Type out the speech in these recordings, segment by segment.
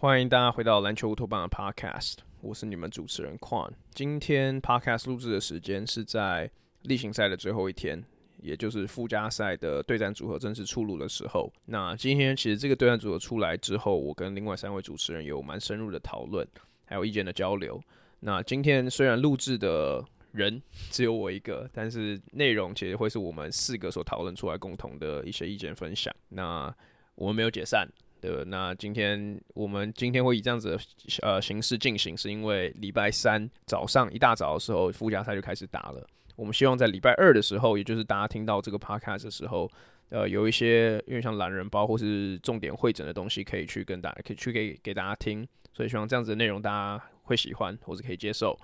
歡迎大家回到籃球烏托邦的 Podcast，我是你們主持人 Kwan。今天 Podcast 錄製的時間是在例行賽的最後一天，也就是附加賽的對戰組合正式出爐的時候。那今天其實這個對戰組合出來之後，我跟另外三位主持人有蠻深入的討論。還有意見的交流。那今天雖然錄製的人只有我一個，但是內容其實會是我們四個所討論出來共同的一些意見分享。那我們沒有解散，對吧？那今天我們今天會以這樣子的呃形式進行，是因為禮拜三早上一大早的時候附加賽就開始打了。我們希望在禮拜二的時候，也就是大家聽到這個 podcast 的時候，呃，有一些因為像懶人包或是重點彙整的東西，可以去跟大家，可以去給給大家聽。所以希望這樣子的內容大家會喜歡，或是可以接受。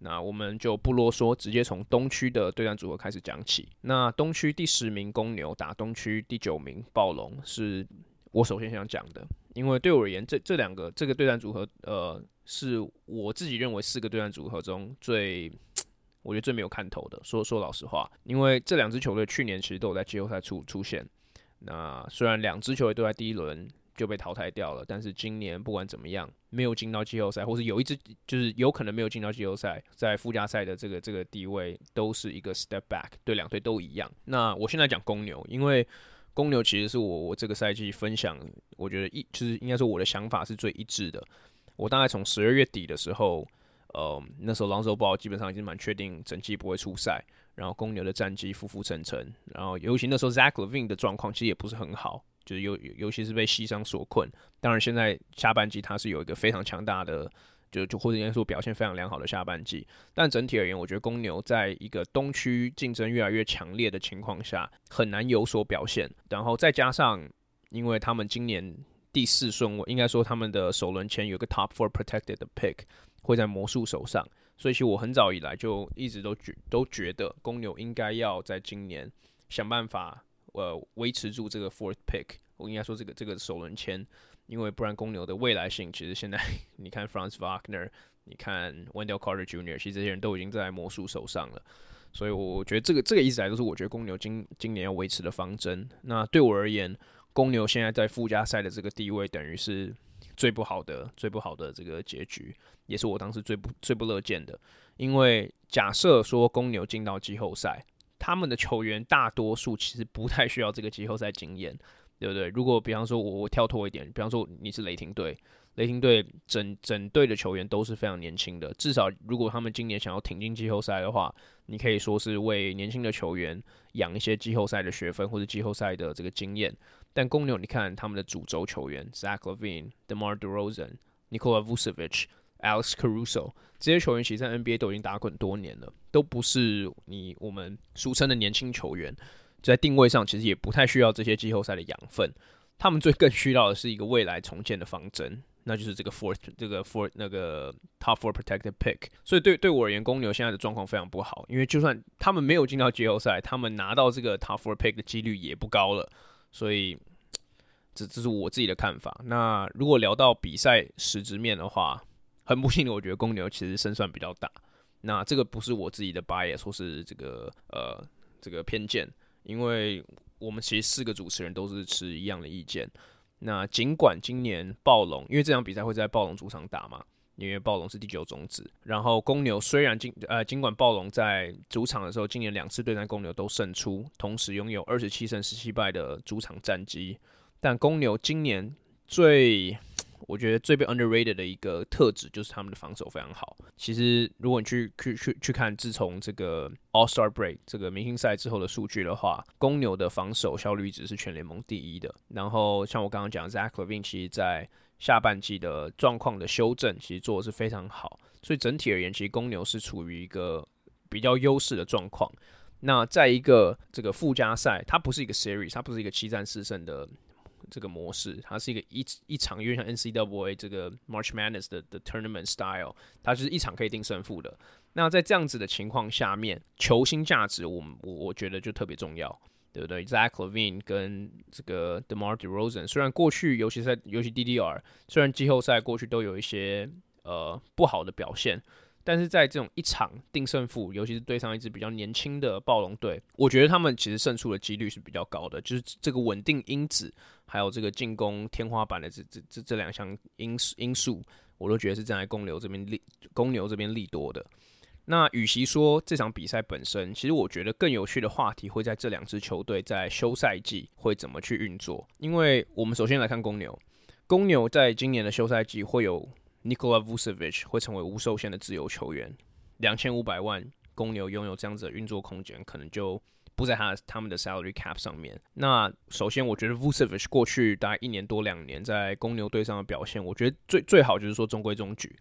那我們就不囉嗦，直接從東區的對戰組合開始講起。那東區第十名公牛打東區第九名暴龍，是我首先想講的。因為對我而言，這這兩個這個對戰組合，呃，是我自己認為四個對戰組合中最，我覺得最沒有看頭的。說說老實話，因為這兩支球隊去年其實都有在季後賽出出現。那雖然兩支球隊都在第一輪，就被淘汰掉了。但是今年不管怎麼樣，沒有進到季後賽，或是有一支就是有可能沒有進到季後賽，在附加賽的這個這個地位都是一個 step back，對兩隊都一樣。那我現在講公牛，因為公牛其實是我我這個賽季分享，我覺得一就是應該說我的想法是最一致的。我大概從十二月底的時候，呃，那時候 Lonzo Ball 基本上已經蠻確定整季不會出賽，然後公牛的戰績浮浮沉沉，然後尤其那時候 Zach LaVine 的狀況其實也不是很好。就是尤尤其是被西傷所困，當然現在下半季它是有一個非常強大的，就就或者應該說表現非常良好的下半季，但整體而言，我覺得公牛在一個東區競爭越來越強烈的情況下，很難有所表現。然後再加上，因為他們今年第四順位，應該說他們的首輪簽有一個 top four protected 的 pick，會在魔術手上，所以其實我很早以來就一直都都覺得公牛應該要在今年想辦法。呃，維持住這個 fourth pick，我應該說這個這個首輪籤，因為不然公牛的未來性，其實現在你看 Franz Wagner，你看 Wendell Carter Jr，其實這些人都已經在魔術手上了，所以我我覺得這個這個一直來都是我覺得公牛今今年要維持的方針。那對我而言，公牛現在在附加賽的這個地位，等於是最不好的最不好的這個結局，也是我當時最不最不樂見的。因為假設說公牛進到季後賽。他們的球員大多數其實不太需要這個季後賽經驗，對不對？如果比方說我我跳脫一點，比方說你是雷霆隊，雷霆隊整整隊的球員都是非常年輕的，至少如果他們今年想要挺進季後賽的話，你可以說是為年輕的球員養一些季後賽的學分或者季後賽的這個經驗。但公牛，你看他們的主軸球員 Zach LaVine、DeMar DeRozan、Nikola Vucevic。Alex Caruso 這些球員其實在 NBA 都已經打滾多年了，都不是你、我們俗稱的年輕球員，在定位上其實也不太需要這些季後賽的養分。他們最更需要的是一個未來重建的方針，那就是這個 Fourth 這個 Four 那個 Top Four Protected Pick。所以對對我而言，公牛現在的狀況非常不好，因為就算他們沒有進到季後賽，他們拿到這個 Top Four Pick 的幾率也不高了。所以這這是我自己的看法。那如果聊到比賽實質面的話，很不幸的，我覺得公牛其實勝算比較大。那這個不是我自己的 bias，或是這個呃這個偏見，因為我們其實四個主持人都是持一樣的意見。那盡管今年暴龍，因為這場比賽會在暴龍主場打嘛，因為暴龍是第九種子。然後公牛雖然儘呃盡管暴龍在主場的時候，今年兩次對戰公牛都勝出，同時擁有二十七勝十七敗的主場戰績，但公牛今年最我覺得最被 underrated 的一個特質就是他們的防守非常好。其實，如果你去去去去看自從這個 All Star Break 這個明星賽之後的數據的話，公牛的防守效率值是全聯盟第一的。然後，像我剛剛講的，Zach LaVine 其實在下半季的狀況的修正其實做的是非常好。所以整體而言，其實公牛是處於一個比較優勢的狀況。那在一個這個附加賽，它不是一個 Series，它不是一個七戰四勝的。這個模式，它是一個一一場，因為像 NCAA 這個 March Madness 的的 tournament style，它就是一場可以定勝負的。那在這樣子的情況下面，球星價值我，我我我覺得就特別重要，對不對？Zach Levine 跟這個 DeMar DeRozan，雖然過去，尤其是在，尤其 DDR，雖然季後賽過去都有一些呃不好的表現。但是在這種一場定勝負，尤其是對上一支比較年輕的暴龍隊，我覺得他們其實勝出的幾率是比較高的。就是這個穩定因子，還有這個進攻天花板的這這這這兩項因因素，我都覺得是站在公牛這邊利，公牛這邊利多的。那與其說這場比賽本身，其實我覺得更有趣的話題會在這兩支球隊在休賽季會怎麼去運作。因為我們首先來看公牛，公牛在今年的休賽季會有。Nikola Vucevic 會成為無受限的自由球員，兩千五百萬公牛擁有這樣子的運作空間，可能就不在他的他們的 salary cap 上面。那首先，我覺得 Vucevic 過去大概一年多兩年在公牛隊上的表現，我覺得最最好就是說中規中矩，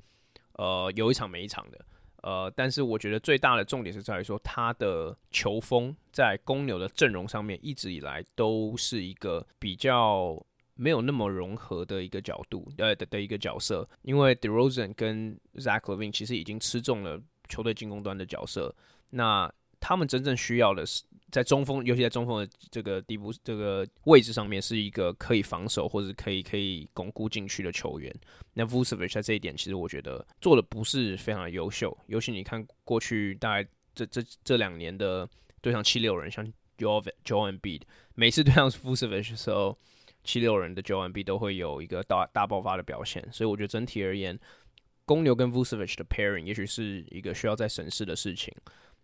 呃，有一場沒一場的。呃，但是我覺得最大的重點是在於說他的球風在公牛的陣容上面一直以來都是一個比較。沒有那麼融合的一個角度，對的，的一個角色，因為 DeRozan 跟 Zach LaVine 其實已經吃中了球隊進攻端的角色，那他們真正需要的是在中鋒，尤其在中鋒的這個底部這個位置上面，是一個可以防守或者是可以可以鞏固進去的球員。那 Vucevic 在這一點，其實我覺得做的不是非常的優秀，尤其你看過去大概這這這兩年的對上七六人，像 Joel Embiid，每次對上 Vucevic 的、so、時候，七六人的九萬幣都會有一個大大爆發的表現，所以我覺得整體而言，公牛跟 Vucevic 的 pairing 也許是一個需要再審視的事情。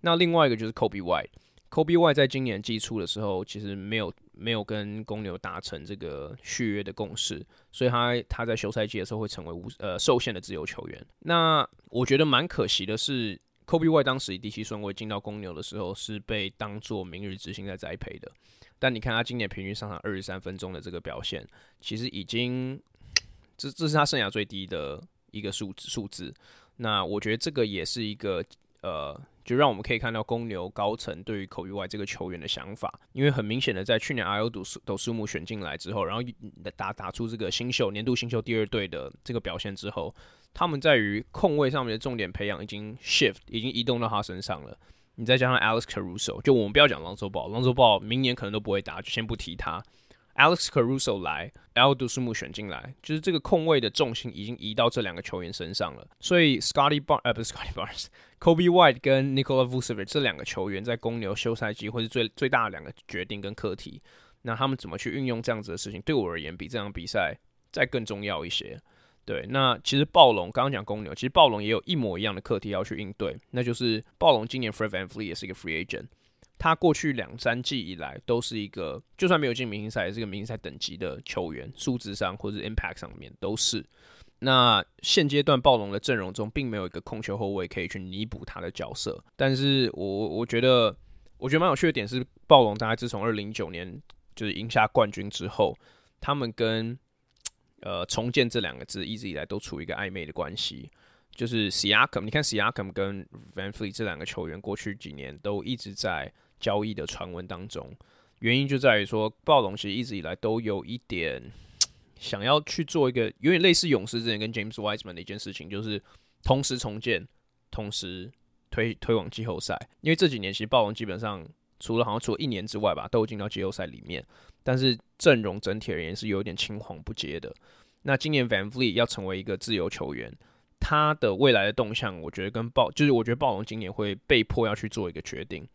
那另外一個就是 Coby White，Coby White 在今年季初的時候其實沒有沒有跟公牛達成這個續約的共識，所以他他在休賽季的時候會成為無呃受限的自由球員。那我覺得蠻可惜的是。科比 Y 當時以第七順位進到公牛的時候，是被當作明日之星在栽培的。但你看他今年平均上場二十三分鐘的這個表現，其實已經這這是他生涯最低的一個數數字。那我覺得這個也是一個呃，就讓我們可以看到公牛高層對於科比 Y 這個球員的想法，因為很明顯的在去年 I O 賭賭數目選進來之後，然後打打出這個新秀年度新秀第二隊的這個表現之後。他們在於控位上面的重點培養已經 shift，已經移動到他身上了。你再加上 Alex Caruso。就我們不要講 Lonzo Ball，Lonzo Ball 明年可能都不會打，就先不提他。Alex Caruso 來、Ayo Dosunmu 選進來，就是這個控位的重心已經移到這兩個球員身上了。所以 Scotty Bar，呃，不是 Scottie Barnes，Coby White 跟 Nikola Vucevic 這兩個球員在公牛休賽季會是最最大的兩個決定跟課題，那他們怎麼去運用這樣子的事情，對我而言比這場比賽再更重要一些。對，那其實暴龍剛剛講公牛，其實暴龍也有一模一樣的課題要去應對，那就是暴龍今年 Fred VanVleet 也是一個 Free Agent，他過去兩三季以來都是一個就算沒有進明星賽也是個明星賽等級的球員，數值上或者是 Impact 上面都是。那現階段暴龍的陣容中並沒有一個控球後衛可以去彌補他的角色，但是我我覺得我覺得蠻有趣的點是暴龍大概自從二零一九年就是贏下冠軍之後，他們跟呃，重建這兩個字一直以來都處於一個曖昧的關係。就是 Siakam，你看 Siakam 跟 VanVleet 這兩個球員過去幾年都一直在交易的傳聞當中，原因就在於說，暴龍其實一直以來都有一點想要去做一個有點類似勇士之前跟 James Wiseman 的一件事情，就是同時重建，同時推推往季後賽。因為這幾年其實暴龍基本上除了好像除了一年之外吧，都進到季後賽裡面，但是陣容整體而言是有點青黃不接的。那今年 VanVleet 要成為一個自由球員，他的未來的動向，我覺得跟暴就是我覺得暴龍今年會被迫要去做一個決定。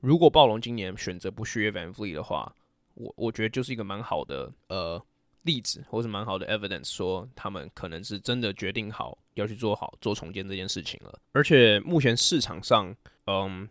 如果暴龍今年選擇不續約 VanVleet 的話，我我覺得就是一個蠻好的呃例子，或是蠻好的 evidence，說他們可能是真的決定好要去做好做重建這件事情了。而且目前市場上，嗯。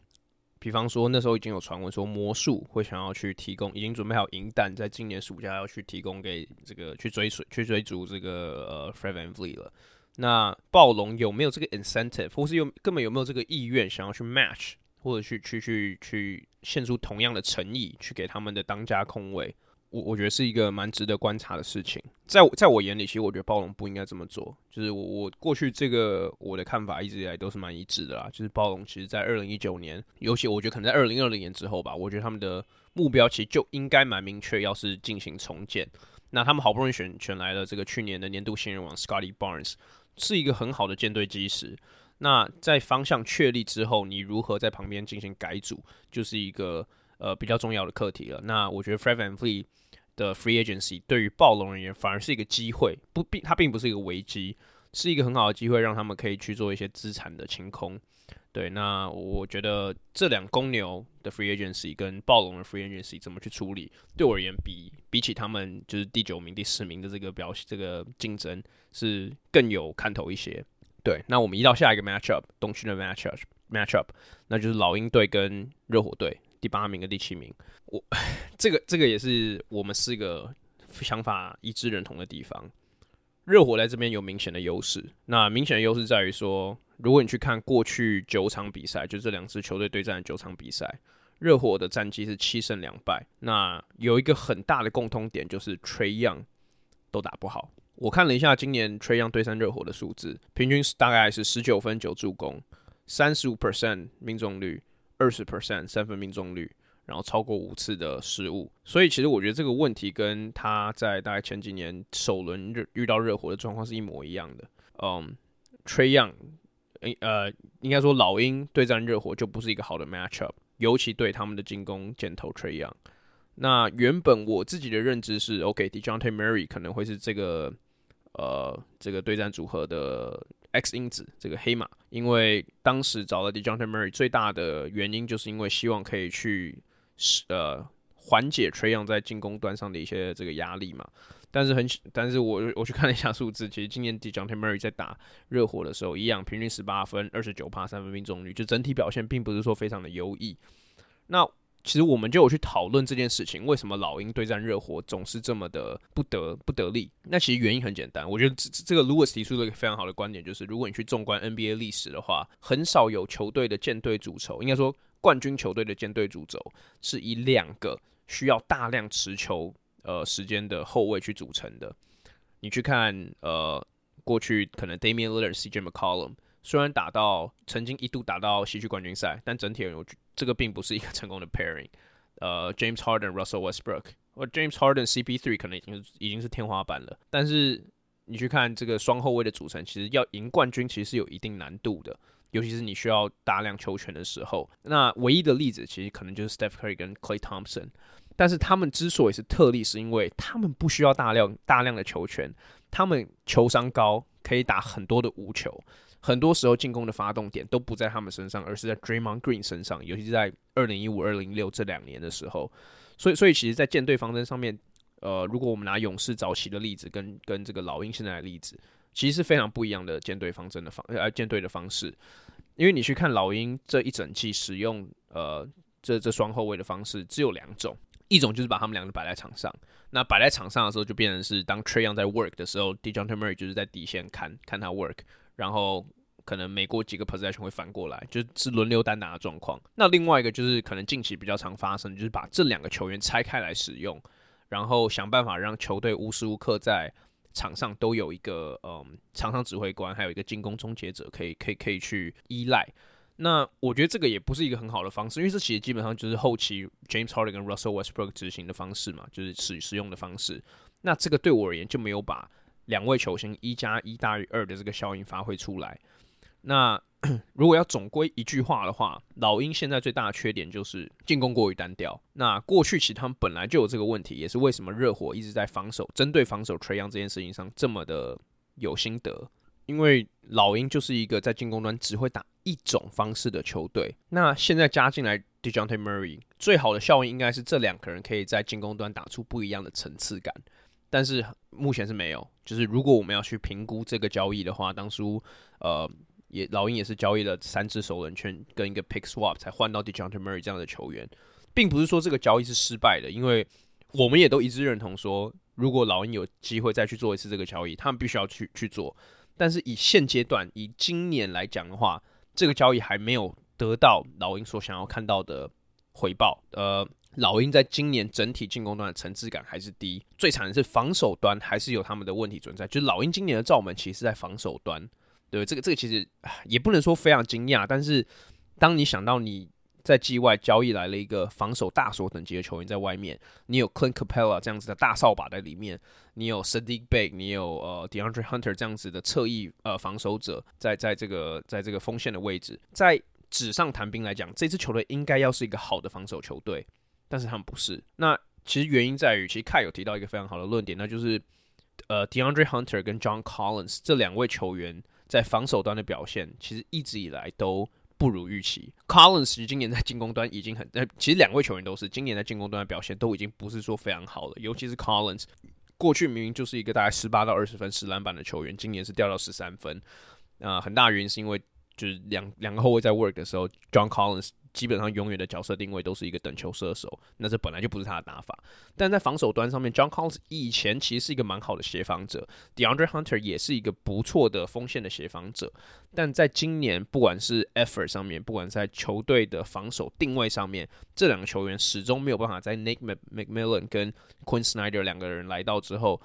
比方說，那時候已經有傳聞說，魔術會想要去提供，已經準備好銀彈在今年暑假要去提供給這個去追隨、去追逐這個呃 Fred VanVleet 了。那暴龍有沒有這個 incentive，或是有根本有沒有這個意願，想要去 match，或者去去去去獻出同樣的誠意，去給他們的當家控衛？我我覺得是一個蠻值得觀察的事情。在我在我眼裡，其實我覺得暴龍不應該這麼做。就是我我過去這個我的看法一直以來都是蠻一致的啦。就是暴龍其實，在二零一九年，尤其我覺得可能在二零二零年之後吧，我覺得他們的目標其實就應該蠻明確，要是進行重建。那他們好不容易選選來了這個去年的年度新人王 Scottie Barnes，是一個很好的建隊基石。那在方向確立之後，你如何在旁邊進行改組，就是一個。呃，比較重要的課題了。那我覺得 Fred VanVleet 的 Free Agency 對於暴龍而言反而是一個機會，不，並它並不是一個危機，是一個很好的機會，讓他們可以去做一些資產的清空。對，那我覺得這兩公牛的 Free Agency 跟暴龍的 Free Agency 怎麼去處理，對我而言比比起他們就是第九名、第十名的這個表現、這個競爭是更有看頭一些。對，那我們移到下一個 Matchup，東區的 Matchup Matchup，那就是老鷹隊跟熱火隊。第八名和第七名，我這個這個也是我們四個想法一致認同的地方。熱火在這邊有明顯的優勢，那明顯的優勢在於說，如果你去看過去九場比賽，就這兩支球隊對戰的九場比賽，熱火的戰績是七勝兩敗。那有一個很大的共通點，就是 Trae Young 都打不好。我看了一下今年 Trae Young 對戰熱火的數字，平均大概是十九分九助攻35，三十五 percent 命中率，二十 percent 三分命中率，然後超過五次的失誤，所以其實我覺得這個問題跟他在大概前幾年首輪熱遇到熱火的狀況是一模一樣的。Um, Trae Young, 嗯，Trae Young，誒，呃，應該說老鷹對戰熱火就不是一個好的 matchup，尤其對他們的進攻箭頭 Trae Young。那原本我自己的認知是，OK，DeJounte Murray 可能會是這個，呃，這個對戰組合的。X 因子這個黑馬，因為當時找了 Dejounte Murray 最大的原因，就是因為希望可以去呃緩解 Trae Young 在進攻端上的一些這個壓力嘛。但是很，但是我我去看了一下數字，其實今年 Dejounte Murray 在打熱火的時候，一樣平均十八分，二十九趴三分命中率，就整體表現並不是說非常的優異。那其實我們就有去討論這件事情，為什麼老鷹對戰熱火總是這麼的不得不得力？那其實原因很簡單，我覺得這這個 Lewis 提出了一個非常好的觀點，就是如果你去縱觀 NBA 歷史的話，很少有球隊的建隊主軸，應該說冠軍球隊的建隊主軸是以兩個需要大量持球呃時間的後衛去組成的。你去看呃過去可能 Damian Lillard CJ McCollum 雖然打到曾經一度打到西區冠軍賽，但整體而言我覺。這個並不是一個成功的 pairing，呃，uh，James Harden、Russell Westbrook，或 James Harden CP3 可能已經已經是天花板了。但是你去看這個雙後衛的組成，其實要贏冠軍其實是有一定難度的，尤其是你需要大量球權的時候。那唯一的例子其實可能就是 Steph Curry 跟 Clay Thompson，但是他們之所以是特例，是因為他們不需要大量大量的球權，他們球商高，可以打很多的無球。很多時候進攻的發動點都不在他們身上，而是在 Draymond Green 身上，尤其是在二零一五、二零一六這兩年的時候。所以，所以其實，在建隊方針上面，呃，如果我們拿勇士早期的例子跟跟這個老鷹現在的例子，其實是非常不一樣的建隊方針的方呃建隊的方式。因為你去看老鷹這一整季使用呃這這雙後衛的方式，只有兩種，一種就是把他們兩個擺在場上，那擺在場上的時候，就變成是當 Trae Young 在 work 的時候，DeJounte Murray 就是在底線看看他 work。然後可能每過幾個 possession 會翻過來，就是，是輪流單打的狀況。那另外一個就是可能近期比較常發生，就是把這兩個球員拆開來使用，然後想辦法讓球隊無時無刻在場上都有一個嗯場上指揮官，還有一個進攻終結者可以可以可以去依賴。那我覺得這個也不是一個很好的方式，因為這其實基本上就是後期 James Harden 跟 Russell Westbrook 執行的方式嘛，就是使使用的方式。那這個對我而言就沒有把。兩位球星一加一大於二的這個效應發揮出來。那如果要總歸一句話的話，老鷹現在最大的缺點就是進攻過於單調。那過去其實他們本來就有這個問題，也是為什麼熱火一直在防守、針對防守、Trae Young 這件事情上這麼的有心得。因為老鷹就是一個在進攻端只會打一種方式的球隊。那現在加進來 DeJounte Murray，最好的效應應該是這兩個人可以在進攻端打出不一樣的層次感。但是目前是沒有，就是如果我們要去評估這個交易的話，當初呃，也老鷹也是交易了三隻首輪籤跟一個 pick swap 才換到 DeJounte Murray 這樣的球員，並不是說這個交易是失敗的，因為我們也都一致認同說，如果老鷹有機會再去做一次這個交易，他們必須要去去做。但是以現階段，以今年來講的話，這個交易還沒有得到老鷹所想要看到的回報，呃。老鷹在今年整體進攻端的層次感還是低，最慘的是防守端還是有他們的問題存在。就是、老鷹今年的罩門，其實，在防守端，對，對這個這個其實也不能說非常驚訝，但是當你想到你在季外交易來了一個防守大鎖等級的球員在外面，你有 Clint Capella 這樣子的大掃把在裡面，你有 Saddiq Bey，你有呃、uh, DeAndre Hunter 這樣子的側翼呃防守者在在這個在這個鋒線的位置，在紙上談兵來講，這支球隊應該要是一個好的防守球隊。但是他們不是。那其實原因在於，其實凱有提到一個非常好的論點，那就是呃，DeAndre Hunter 跟 John Collins 這兩位球員在防守端的表現，其實一直以來都不如預期。Collins 其實今年在進攻端已經很，呃、其實兩位球員都是今年在進攻端的表現都已經不是說非常好了，尤其是 Collins 過去明明就是一個大概十八到二十分、十籃板的球員，今年是掉到十三分。啊、呃，很大原因是因為就是兩兩個後衛在 work 的時候，John Collins。基本上永遠的角色定位都是一個等球射手，那這本來就不是他的打法。但在防守端上面，John Collins 以前其實是一個蠻好的協防者，DeAndre Hunter 也是一個不錯的鋒線的協防者。但在今年，不管是 Effort 上面，不管在球隊的防守定位上面，這兩個球員始終沒有辦法在 Nick McMillan 跟 Quinn Snyder 兩個人來到之後，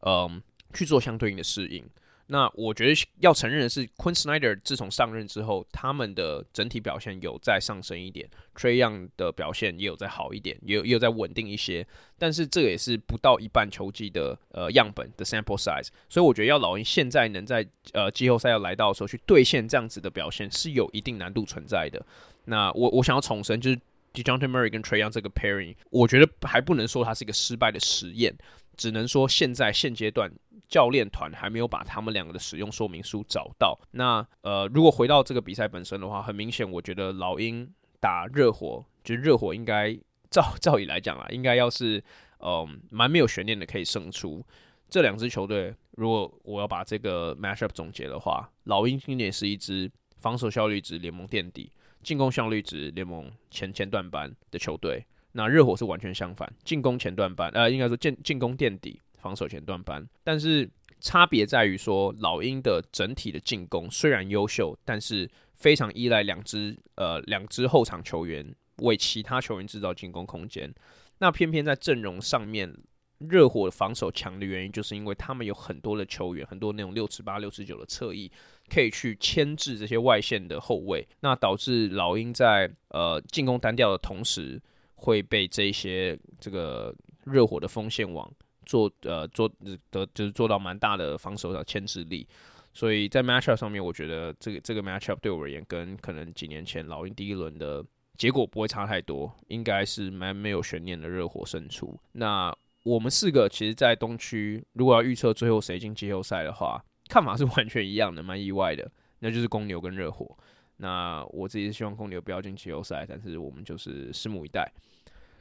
嗯，去做相對應的適應。那我覺得要承認的是，Quin Snyder 自從上任之後，他們的整體表現有再上升一點，Trae Young 的表現也有再好一點，也有也有在穩定一些。但是這也是不到一半球季的呃樣本的 sample size，所以我覺得要老鷹現在能在呃季後賽要來到的時候去兌現這樣子的表現是有一定難度存在的。那我我想要重申，就是 DeJounte Murray 跟 Trae Young 這個 pairing，我覺得還不能說它是一個失敗的實驗。只能說現在現階段教練團還沒有把他們兩個的使用說明書找到。那呃，如果回到這個比賽本身的話，很明顯，我覺得老鷹打熱火，就熱火應該照照理來講啊，應該要是嗯、呃、蠻沒有懸念的可以勝出。這兩支球隊，如果我要把這個 matchup 總結的話，老鷹今年是一支防守效率值聯盟墊底、進攻效率值聯盟前前段班的球隊。那熱火是完全相反，進攻前段班，呃，應該說進進攻墊底，防守前段班。但是差別在於說，老鷹的整體的進攻雖然優秀，但是非常依賴兩支呃兩支後場球員為其他球員製造進攻空間。那偏偏在陣容上面，熱火防守強的原因，就是因為他們有很多的球員，很多那種六尺八、六尺九的側翼，可以去牽制這些外線的後衛。那導致老鷹在呃進攻單調的同時。會被這些這個熱火的鋒線網做呃做得就是做到蠻大的防守的牽制力，所以在 matchup 上面，我覺得這個這個 matchup 對我而言，跟可能幾年前老鷹第一輪的結果不會差太多，應該是蠻沒有懸念的熱火勝出。那我們四個其實，在東區如果要預測最後誰進季後賽的話，看法是完全一樣的，蠻意外的，那就是公牛跟熱火。那我自己是希望公牛不要進季後賽，但是我們就是拭目以待。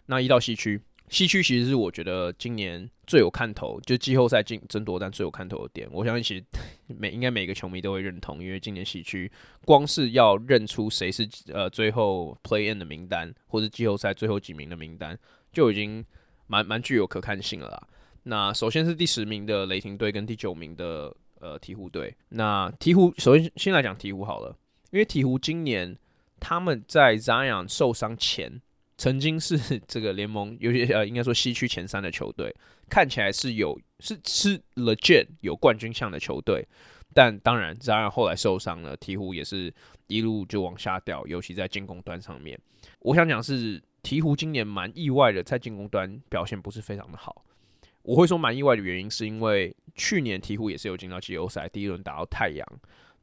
那一到西區，西區其實是我覺得今年最有看頭，就是、季後賽競爭奪戰最有看頭的點。我相信其實每應該每個球迷都會認同，因為今年西區光是要認出誰是呃最後 play in 的名單，或是季後賽最後幾名的名單，就已經蠻蠻具有可看性了啦。那首先是第十名的雷霆隊跟第九名的呃鵜鶘隊。那鵜鶘首先先來講鵜鶘好了，因為鵜鶘今年他們在 Zion 受傷前。曾經是這個聯盟，有些呃，應該說西區前三的球隊，看起來是有是是 Legend 有冠軍相的球隊，但當然，當然後來受傷了，鵜鶘也是一路就往下掉，尤其在進攻端上面。我想講是鵜鶘今年蠻意外的，在進攻端表現不是非常的好。我會說蠻意外的原因，是因為去年鵜鶘也是有進到季後賽，第一輪打到太陽。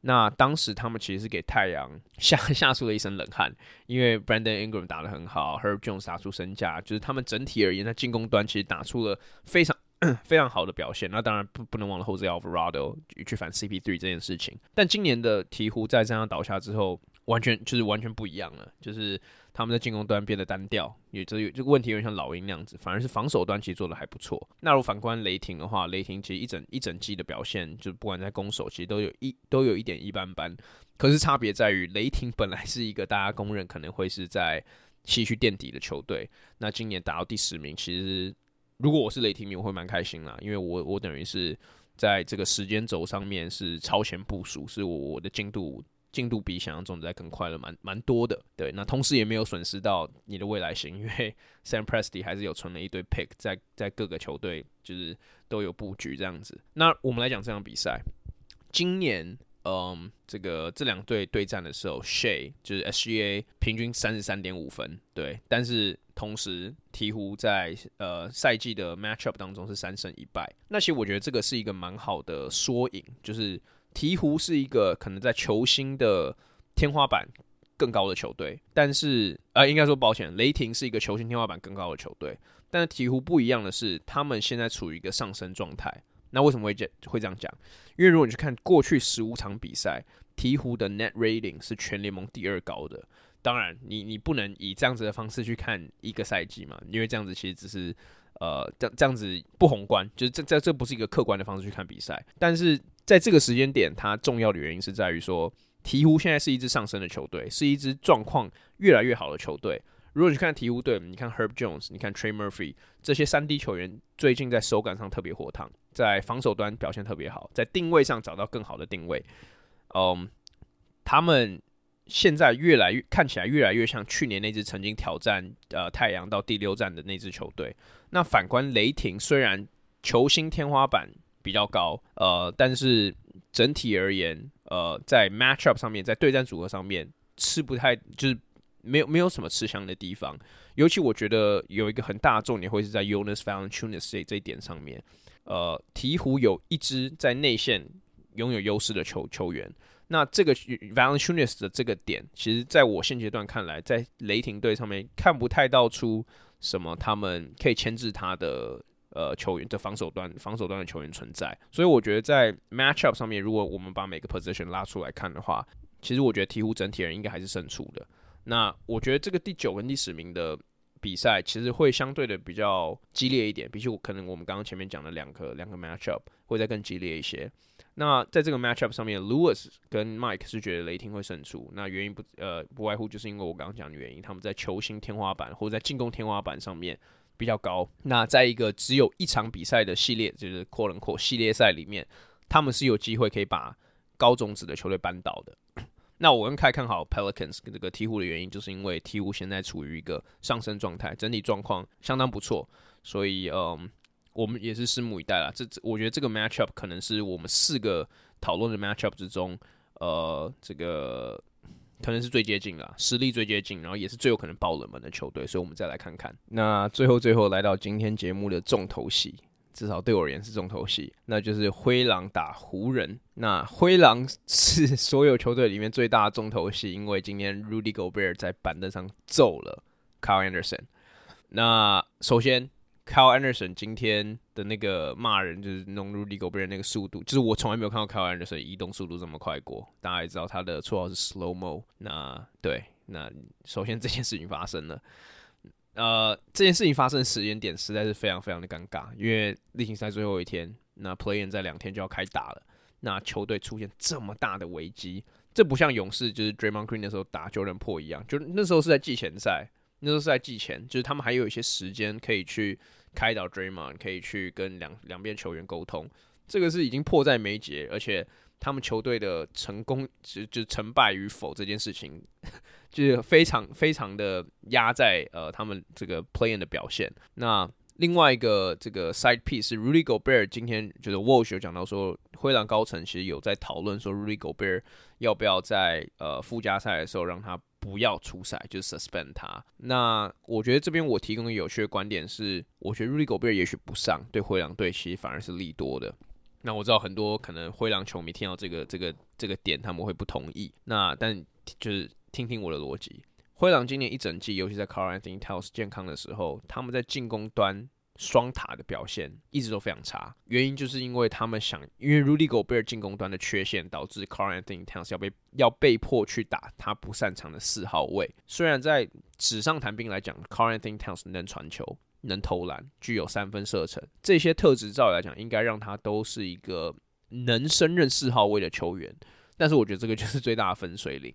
那當時他們其實是給太陽嚇嚇出了一身冷汗，因為 Brandon Ingram 打得很好，Herb Jones 殺出身價，就是他們整體而言在進攻端其實打出了非常非常好的表現。那當然不不能忘了 Jose Alvarado 去去反 CP3 這件事情。但今年的鹈鶘在這樣倒下之後，完全就是完全不一樣了，就是。他們在進攻端變得單調，也這有這個問題有點像老鷹那樣子，反而是防守端其實做得還不錯。那如反觀雷霆的話，雷霆其實一整一整季的表現，就不管在攻守，其實都有一都有一點一般般。可是差別在於，雷霆本來是一個大家公認可能會是在西區墊底的球隊，那今年打到第十名，其實如果我是雷霆迷，我會蠻開心啦，因為我我等於是在這個時間軸上面是超前部署，是我我的進度。進度比想象中在更快了，蠻蠻多的。對，那同時也沒有損失到你的未來型，因為 Sam Presti 還是有存了一堆 pick，在在各個球隊就是都有布局這樣子。那我們來講這場比賽，今年，嗯，這個這兩隊對，對戰的時候，Shai 就是 SGA 平均三十三點五分，對，但是同時鵜鶘在呃賽季的 matchup 當中是三勝一敗，那其實我覺得這個是一個蠻好的縮影，就是。鵜鶘是一個可能在球星的天花板更高的球隊，但是啊、呃，應該說抱歉，雷霆是一個球星天花板更高的球隊。但是鵜鶘不一樣的是，他們現在處於一個上升狀態。那為什麼會會這樣講？因為如果你去看過去十五場比賽，鵜鶘的 Net Rating 是全聯盟第二高的。當然你，你你不能以這樣子的方式去看一個賽季嘛，因為這樣子其實只是呃，這樣這樣子不宏觀，就是這這這不是一個客觀的方式去看比賽，但是。在這個時間點，它重要的原因是在於說，鵜鶘現在是一支上升的球隊，是一支狀況越來越好的球隊。如果你看鵜鶘隊，你看 Herb Jones，你看 Trey Murphy 這些三 D 球員，最近在手感上特別火燙，在防守端表現特別好，在定位上找到更好的定位。嗯、um,，他們現在越來越看起來越來越像去年那支曾經挑戰呃太陽到第六戰的那支球隊。那反觀雷霆，雖然球星天花板。比較高，呃，但是整體而言，呃，在 matchup 上面，在對戰組合上面，吃不太就是沒有沒有什麼吃香的地方。尤其我覺得有一個很大重點會是在 Jonas Valanciunas 這一點上面，呃，鵜鶘有一支在內線擁有優勢的球球員。那這個 Valanciunas 的這個點，其實在我現階段看來，在雷霆隊上面看不太到出什麼，他們可以牽制他的。呃，球員的防守端，防守端的球員存在，所以我覺得在 matchup 上面，如果我們把每個 position 拉出來看的話，其實我覺得鹈鶘整體而言應該還是勝出的。那我覺得這個第九跟第十名的比賽，其實會相對的比較激烈一點，比起我可能我們剛剛前面講的兩個兩個 matchup 會再更激烈一些。那在這個 matchup 上面，Lewis 跟 Mike 是覺得雷霆會勝出，那原因不呃不外乎就是因為我剛剛講的原因，他們在球星天花板或者在進攻天花板上面。比較高。那在一個只有一場比賽的系列，就是 quote unquote 系列賽裡面，他們是有機會可以把高種子的球隊扳倒的。 那我跟凱看，看好 Pelicans 這個鵜鶘的原因，就是因為鵜鶘現在處於一個上升狀態，整體狀況相當不錯。所以，嗯，我們也是拭目以待啦。這我覺得這個 matchup 可能是我們四個討論的 matchup 之中，呃，這個。可能是最接近了，實力最接近，然後也是最有可能爆冷門的球隊，所以我們再來看看。那最後最後來到今天節目的重頭戲，至少對我而言是重頭戲，那就是灰狼打湖人。那灰狼是所有球隊裡面最大的重頭戲，因為今天 Rudy Gobert 在板凳上揍了 Kyle Anderson。那首先。Kyle Anderson 今天的那個罵人，就是弄 Rudy Gobert 那個速度，就是我從來沒有看到 Kyle Anderson 移動速度這麼快過。大家也知道他的綽號是 Slow Mo 那。那對，那首先這件事情發生了，呃，這件事情發生的時間點實在是非常非常的尷尬，因為例行賽最後一天，那 Play-in 再兩天就要開打了，那球隊出現這麼大的危機，這不像勇士就是 Draymond Green 的時候打 Jordan Poole 一樣，就那時候是在季前賽。那都是在季前，就是他們還有一些時間可以去開導 Draymond，可以去跟兩兩邊球員溝通。這個是已經迫在眉睫，而且他們球隊的成功就就成敗與否這件事情，就是非常非常的壓在呃他們這個 play-in 的表現。那另外一個這個 side piece 是 Rudy Gobert，今天就是 Woj 有講到說，灰狼高層其實有在討論說 Rudy Gobert 要不要在呃附加賽的時候讓他。不要出賽，就是 suspend 他。那我覺得這邊我提供的有趣的觀點是，我覺得 Rudy Gobert 也許不上，對灰狼隊其實反而是利多的。那我知道很多可能灰狼球迷聽到這個這個這個點，他們會不同意。那但就是聽聽我的邏輯，灰狼今年一整季，尤其在 Karl-Anthony Towns 是健康的時候，他們在進攻端。雙塔的表現一直都非常差，原因就是因為他們想，因為 Rudy Gobert 進攻端的缺陷，導致 Karl-Anthony Towns 要被要被迫去打他不擅長的四號位。雖然在紙上談兵來講，Karl-Anthony Towns 能傳球，能投籃，具有三分射程，這些特質照理來講應該讓他都是一個能勝任四號位的球員，但是我覺得這個就是最大的分水嶺，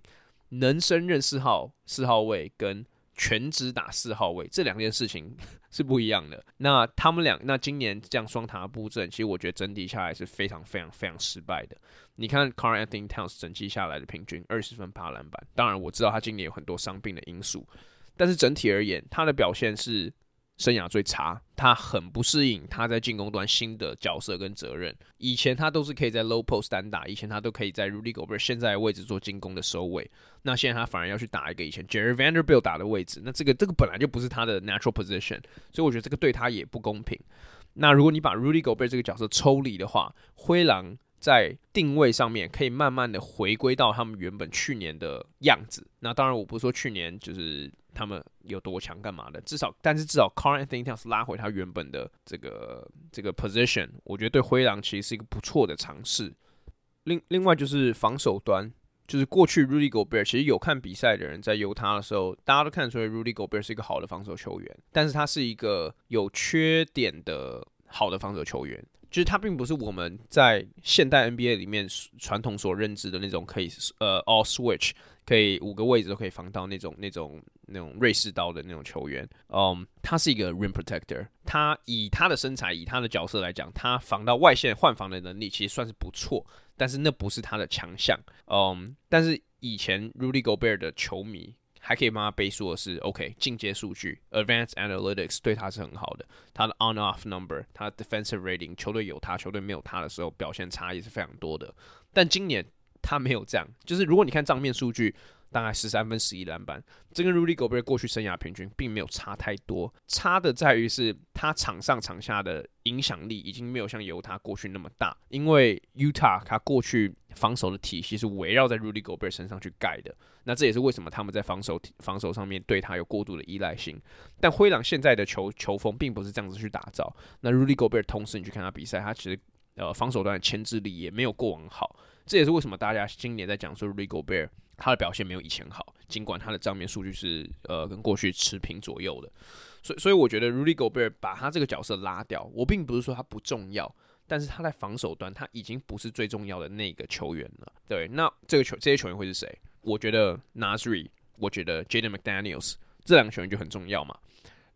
能勝任四號四號位跟全職打四號位，這兩件事情是不一樣的。那他們倆，那今年這樣雙塔的布陣，其實我覺得整體下來是非常非常非常失敗的。你看，Karl-Anthony Towns 整季下來的平均二十分八籃板，當然我知道他今年有很多傷病的因素，但是整體而言，他的表現是。生涯最差，他很不適應他在進攻端新的角色跟責任。以前他都是可以在 low post 單打，以前他都可以在 Rudy Gobert 現在的位置做進攻的收尾，那現在他反而要去打一個以前 Jerry Vanderbilt 打的位置，那這個這個本來就不是他的 natural position，所以我覺得這個對他也不公平。那如果你把 Rudy Gobert 這個角色抽離的話，灰狼在定位上面可以慢慢的回歸到他們原本去年的樣子。那當然，我不是說去年就是。他們有多強，幹嘛的？至少，但是至少，Karl-Anthony Towns 是拉回他原本的這個這個 position，我覺得對灰狼其實是一個不錯的嘗試。另另外就是防守端，就是過去 Rudy Gobert，其實有看比賽的人在猶他的時候，大家都看得出來 Rudy Gobert 是一個好的防守球員，但是他是一個有缺點的好的防守球員。其實他並不是我們在現代 NBA 裡面傳統所認知的那種可以呃 all switch 可以五個位置都可以防到那種那種那種瑞士刀的那種球員。嗯、um，他是一個 rim protector，他以他的身材以他的角色來講，他防到外線換防的能力其實算是不錯，但是那不是他的強項。嗯、um，但是以前 Rudy Gobert 的球迷。還可以幫他背書的是，OK，進階數據 （Advanced Analytics） 對他是很好的。他的 On-Off Number，他的 Defensive Rating，球隊有他，球隊沒有他的時候，表現差異是非常多的。但今年他沒有這樣，就是如果你看賬面數據。大概十三分十一籃板，這跟 Rudy Gobert 過去生涯平均並沒有差太多，差的在於是他場上場下的影響力已經沒有像猶他過去那麼大，因為 Utah 他過去防守的體系是圍繞在 Rudy Gobert 身上去蓋的，那這也是為什麼他們在防守防守上面對他有過度的依賴性。但灰狼現在的球球風並不是這樣子去打造，那 Rudy Gobert 同時你去看他比賽，他其實呃防守端的牽制力也沒有過往好，這也是為什麼大家今年在講說 Rudy Gobert。他的表現沒有以前好，儘管他的賬面數據是呃跟過去持平左右的，所以所以我覺得 Rudy Gobert 把他這個角色拉掉，我並不是說他不重要，但是他在防守端他已經不是最重要的那個球員了。對，那這個球這些球員會是誰？我覺得 Naz Reid，我覺得 Jaden McDaniels 這兩個球員就很重要嘛。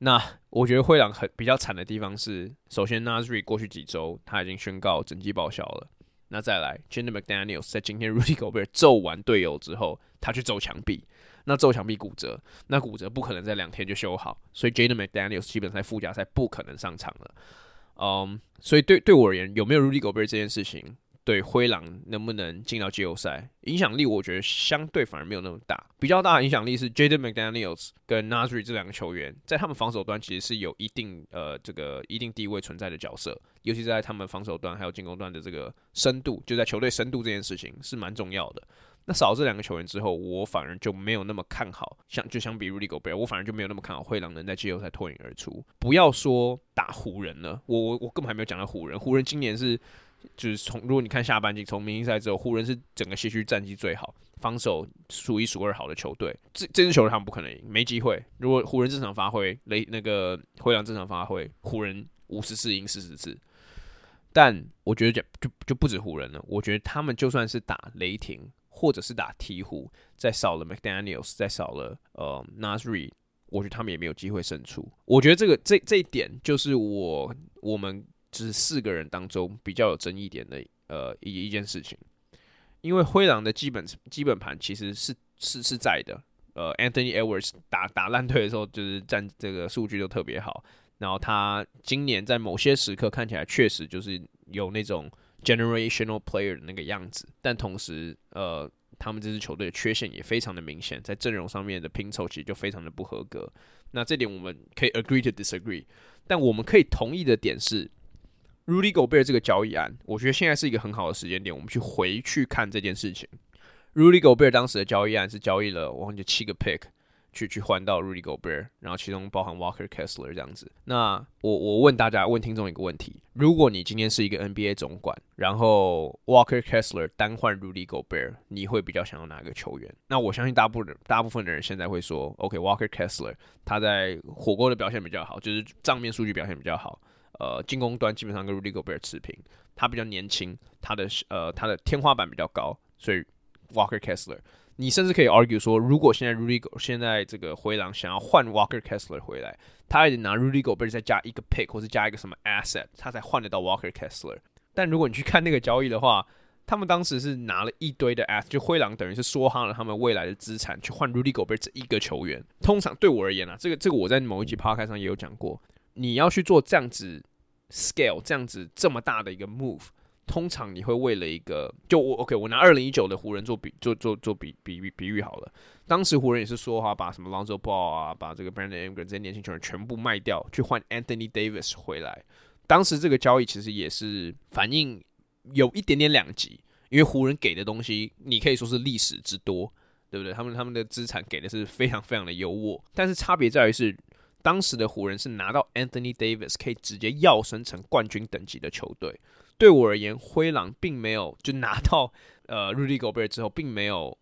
那我覺得灰狼很比較慘的地方是，首先 Naz Reid 過去幾周他已經宣告整季報銷了。那再來 Jaden McDaniels 在今天 Rudy Gobert 揍完隊友之後，他去揍牆壁，那揍牆壁骨折，那骨折不可能在兩天就修好，所以 Jaden McDaniels 基本上在附加賽不可能上場了。嗯、um，所以對對我而言，有沒有 Rudy Gobert 這件事情，對灰狼能不能進到季後賽，影響力我覺得相對反而沒有那麼大。比較大的影響力是 Jaden McDaniels 跟 Naz Reid 這兩個球員，在他們防守端其實是有一定呃這個一定地位存在的角色，尤其是在他們防守端還有進攻端的這個深度，就在球隊深度這件事情是蠻重要的。那少了這兩個球員之後，我反而就沒有那麼看好，像，就相比 Rudy Gobert，我反而就沒有那麼看好灰狼能在季後賽脫穎而出。不要說打湖人了，我我我根本還沒有講到湖人，湖人今年是。就是從如果你看下半季，從明星賽之後，湖人是整個西區戰績最好、防守數一數二好的球隊。這這支球隊他們不可能贏，沒機會。如果湖人正常發揮，雷那個灰狼正常發揮，湖人五十四贏四十次。但我覺得講就就不止湖人了。我覺得他們就算是打雷霆，或者是打鹈鶘，再少了 McDaniels，再少了呃 Naz Reid，我覺得他們也沒有機會勝出。我覺得這個這這一點就是我我們。就是四個人當中比較有爭議點的呃一一件事情，因為灰狼的基本基本盤其實是是是在的。呃，Anthony Edwards 打打爛隊的時候，就是佔這個數據就特別好。然後他今年在某些時刻看起來確實就是有那種 generational player 的那個樣子，但同時呃，他們這支球隊的缺陷也非常的明顯，在陣容上面的拼湊其實就非常的不合格。那這點我們可以 agree to disagree，但我們可以同意的點是，Rudy Gobert 這個交易案，我覺得現在是一個很好的時間點，我們去回去看這件事情。Rudy Gobert 當時的交易案是交易了，我們就七個 pick 去去換到 Rudy Gobert，然後其中包含 Walker Kessler 這樣子。那我我問大家，問聽眾一個問題：如果你今天是一個 NBA 總管，然後 Walker Kessler 單換 Rudy Gobert，你會比較想要哪一個球員？那我相信大部大部分的人現在會說，OK，Walker Kessler 他在火鍋的表現比較好，就是賬面數據表現比較好。呃，進攻端基本上跟 Rudy Gobert 持平，他比較年輕，他的呃他的天花板比較高，所以 Walker Kessler，你甚至可以 argue 說，如果現在 Rudy Go 現在這個灰狼想要換 Walker Kessler 回來，他還得拿 Rudy Gobert 再加一個 pick 或者加一個什麼 asset，他才換得到 Walker Kessler。但如果你去看那個交易的話，他們當時是拿了一堆的 asset，就灰狼等於是梭哈了他們未來的資產去換 Rudy Gobert 這一個球員。通常對我而言啊，這個這個我在某一集 Podcast 上也有講過，你要去做這樣子。Scale 這樣子這麼大的一個 move，通常你會為了一個就我 OK，我拿二零一九的湖人做比做做做比比喻比喻好了。當時湖人也是說哈，把什麼 Lonzo Ball 啊，把這個 Brandon Ingram 這些年輕球員全部賣掉，去換 Anthony Davis 回來。當時這個交易其實也是反映有一點點兩極，因為湖人給的東西你可以說是歷史之多，對不對？他們他們的資產給的是非常非常的優渥，但是差別在於是。當時的湖人是拿到 Anthony Davis 可以直接要升成冠軍等級的球隊。對我而言，灰狼並沒有就拿到呃 Rudy Gobert 之後，並沒有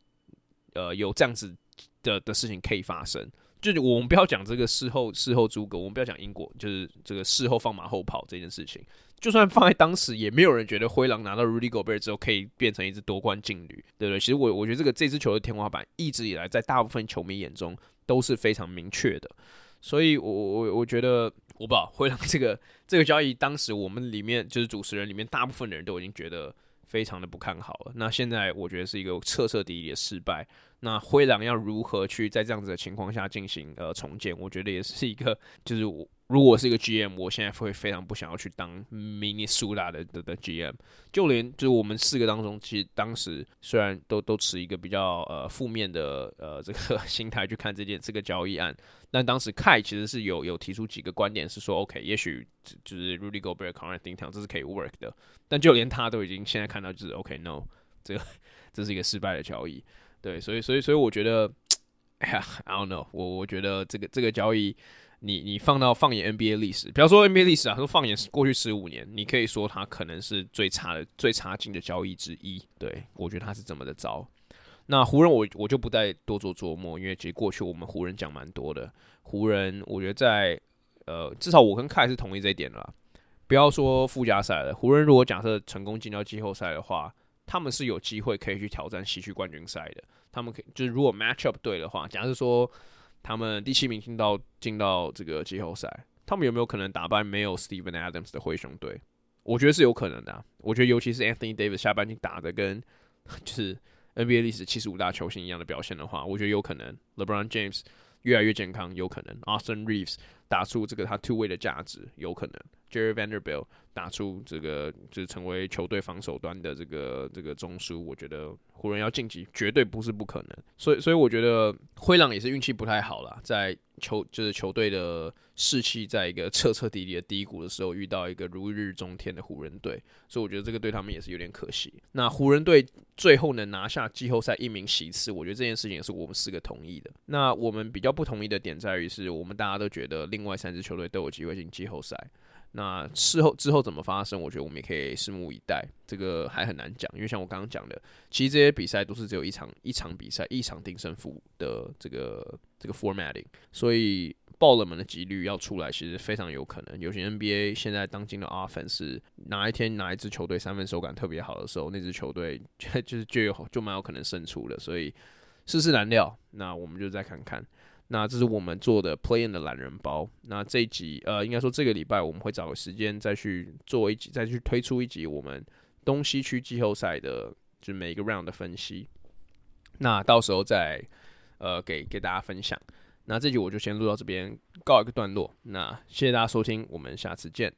呃有這樣子的的事情可以發生。就是我們不要講這個事後事後諸葛，我們不要講因果就是這個事後放馬後炮這件事情。就算放在當時，也沒有人覺得灰狼拿到 Rudy Gobert 之後可以變成一支奪冠勁旅，對不對？其實我我覺得這個這支球的天花板一直以來在大部分球迷眼中都是非常明確的。所以我，我我我覺得，我吧，灰狼這個這個交易，當時我們裡面就是主持人裡面大部分的人都已經覺得非常的不看好了。那現在我覺得是一個徹徹底底的失敗。那灰狼要如何去在這樣子的情況下進行呃重建？我覺得也是一個就是我。如果是一個 GM，我現在會非常不想要去當明尼蘇達的的的 GM，就連就是我們四個當中，其實當時雖然都都持一個比較呃負面的呃這個心態去看這件這個交易案，但當時 Kai 其實是有有提出幾個觀點，是說 OK，也許就是 Rudy Gobert、Karl-Anthony Towns 這是可以 work 的，但就連他都已經現在看到就是 OK，No，這個這是一個失敗的交易，對，所以所以所以我覺得，哎呀，I don't know，我我覺得這個這個交易。你你放到放眼 NBA 歷史，比方說 NBA 歷史啊，說放眼過去十五年，你可以說它可能是最差的、最差勁的交易之一。對，我覺得他是這麼的糟。那湖人，我我就不再多做琢磨，因為其實過去我們湖人講蠻多的。湖人，我覺得在呃，至少我跟凱是同意這一點了。不要說附加賽了，湖人如果假設成功進到季後賽的話，他們是有機會可以去挑戰西區冠軍賽的。他們可以就是如果 match up 對的話，假設說。他們第七名進到進到這個季後賽，他們有沒有可能打敗沒有 Steven Adams 的灰熊隊？我覺得是有可能的啊。我覺得尤其是 Anthony Davis 下半季打的跟就是 NBA 歷史七十五大球星一樣的表現的話，我覺得有可能。LeBron James 越來越健康，有可能。Austin Reeves 打出這個他 two-way 的價值，有可能。Jerry Vanderbilt 打出這個，就是成為球隊防守端的這個這個中樞。我覺得湖人要晉級絕對不是不可能，所以所以我覺得灰狼也是運氣不太好啦，在球就是球隊的士氣在一個徹徹底底的低谷的時候，遇到一個如日中天的湖人隊，所以我覺得這個對他們也是有點可惜。那湖人隊最後能拿下季後賽一名席次，我覺得這件事情也是我們四個同意的。那我們比較不同意的點在於，是我們大家都覺得另外三支球隊都有機會進季後賽。那事後之後怎麼發生？我覺得我們也可以拭目以待，這個還很難講。因為像我剛剛講的，其實這些比賽都是只有一場一場比賽一場定勝負的這個這個 formatting，所以爆冷門的幾率要出來，其實非常有可能。尤其 NBA 現在當今的 offense 哪一天哪一支球隊三分手感特別好的時候，那支球隊就就就有就蠻有可能勝出了。所以世事難料，那我們就再看看。那這是我們做的 Play-In 的懶人包。那這一集，呃，應該說這個禮拜我們會找個時間再去做一集，再去推出一集我們東西區季後賽的，就是每一個 round 的分析。那到時候再，呃，給給大家分享。那這集我就先錄到這邊，告一個段落。那謝謝大家收聽，我們下次見。